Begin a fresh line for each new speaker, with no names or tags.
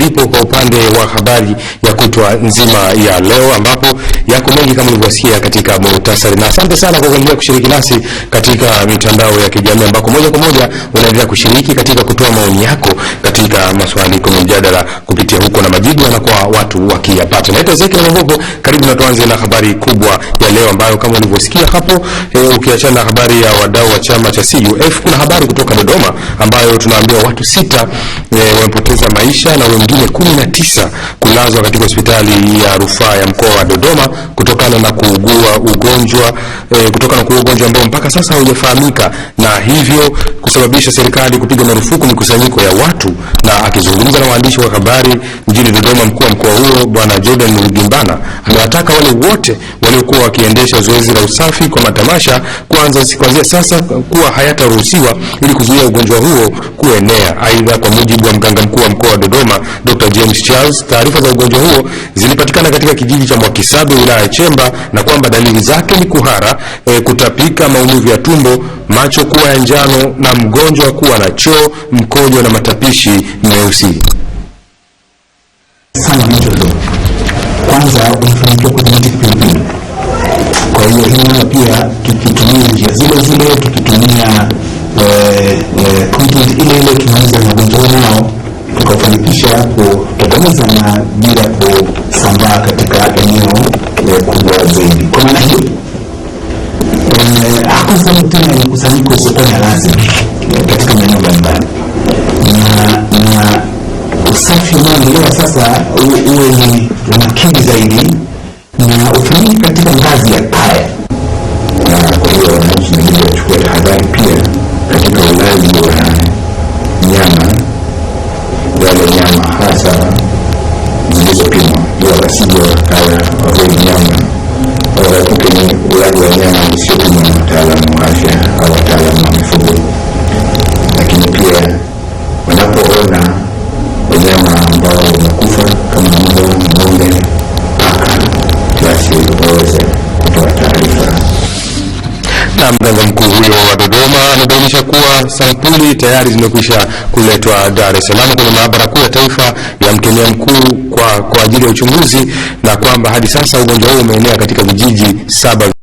lipo kwa upande wa habari ya kutwa nzima ya leo, ambapo yako mengi kama ulivyosikia katika muhtasari, na asante sana kwa kuendelea kushiriki nasi katika mitandao ya kijamii, ambako moja kwa moja unaendelea kushiriki katika kutoa maoni yako katika maswali kwenye mjadala kupitia kuna majibu yanakuwa watu wakiyapata. Naitwa Ezekiel Magogo, karibu na tuanze na habari kubwa ya leo ambayo kama ulivyosikia hapo e, ukiachana na habari ya wadau wa chama cha CUF kuna habari kutoka Dodoma ambayo tunaambiwa watu sita e, wamepoteza maisha na wengine kumi na tisa kulazwa katika hospitali ya rufaa ya mkoa wa Dodoma kutokana na kuugua ugonjwa e, kutokana na kuugua ugonjwa ambao mpaka sasa haujafahamika na hivyo kusababisha serikali kupiga marufuku mikusanyiko ya watu. Na akizungumza na waandishi wa habari mjini Dodoma, mkuu wa mkoa huo Bwana Jordan Mugimbana amewataka wale wote waliokuwa wakiendesha zoezi la usafi kwa matamasha kuanza kuanzia sasa kuwa hayataruhusiwa ili kuzuia ugonjwa huo kuenea. Aidha, kwa mujibu wa mganga mkuu wa mkoa wa Dodoma Dr. James Charles, taarifa za ugonjwa huo zilipatikana katika kijiji cha Mwakisabe wilaya ya Chemba na kwamba dalili zake ni kuhara, e, kutapika, maumivu ya tumbo, macho kuwa ya njano na mgonjwa kuwa na choo, mkojo na matapishi meusi. au kufanikiwa kudhibiti kipindupindu. Kwa hiyo hii nayo pia tukitumia njia zile zile, tukitumia eh, eh, content ile ile, tunaweza magonjwa nao tukafanikisha kutokomeza na bila kusambaa katika eneo eh, kubwa zaidi. Kwa maana hiyo, hakuna sababu tena ya mkusanyiko usiokuwa lazima kuongelea sasa uwe ni makini zaidi Mganga mkuu huyo wa Dodoma amebainisha kuwa sampuli tayari zimekwisha kuletwa Dar es Salaam kwenye maabara kuu ya taifa ya mkemia mkuu kwa, kwa ajili ya uchunguzi na kwamba hadi sasa ugonjwa huo umeenea katika vijiji saba.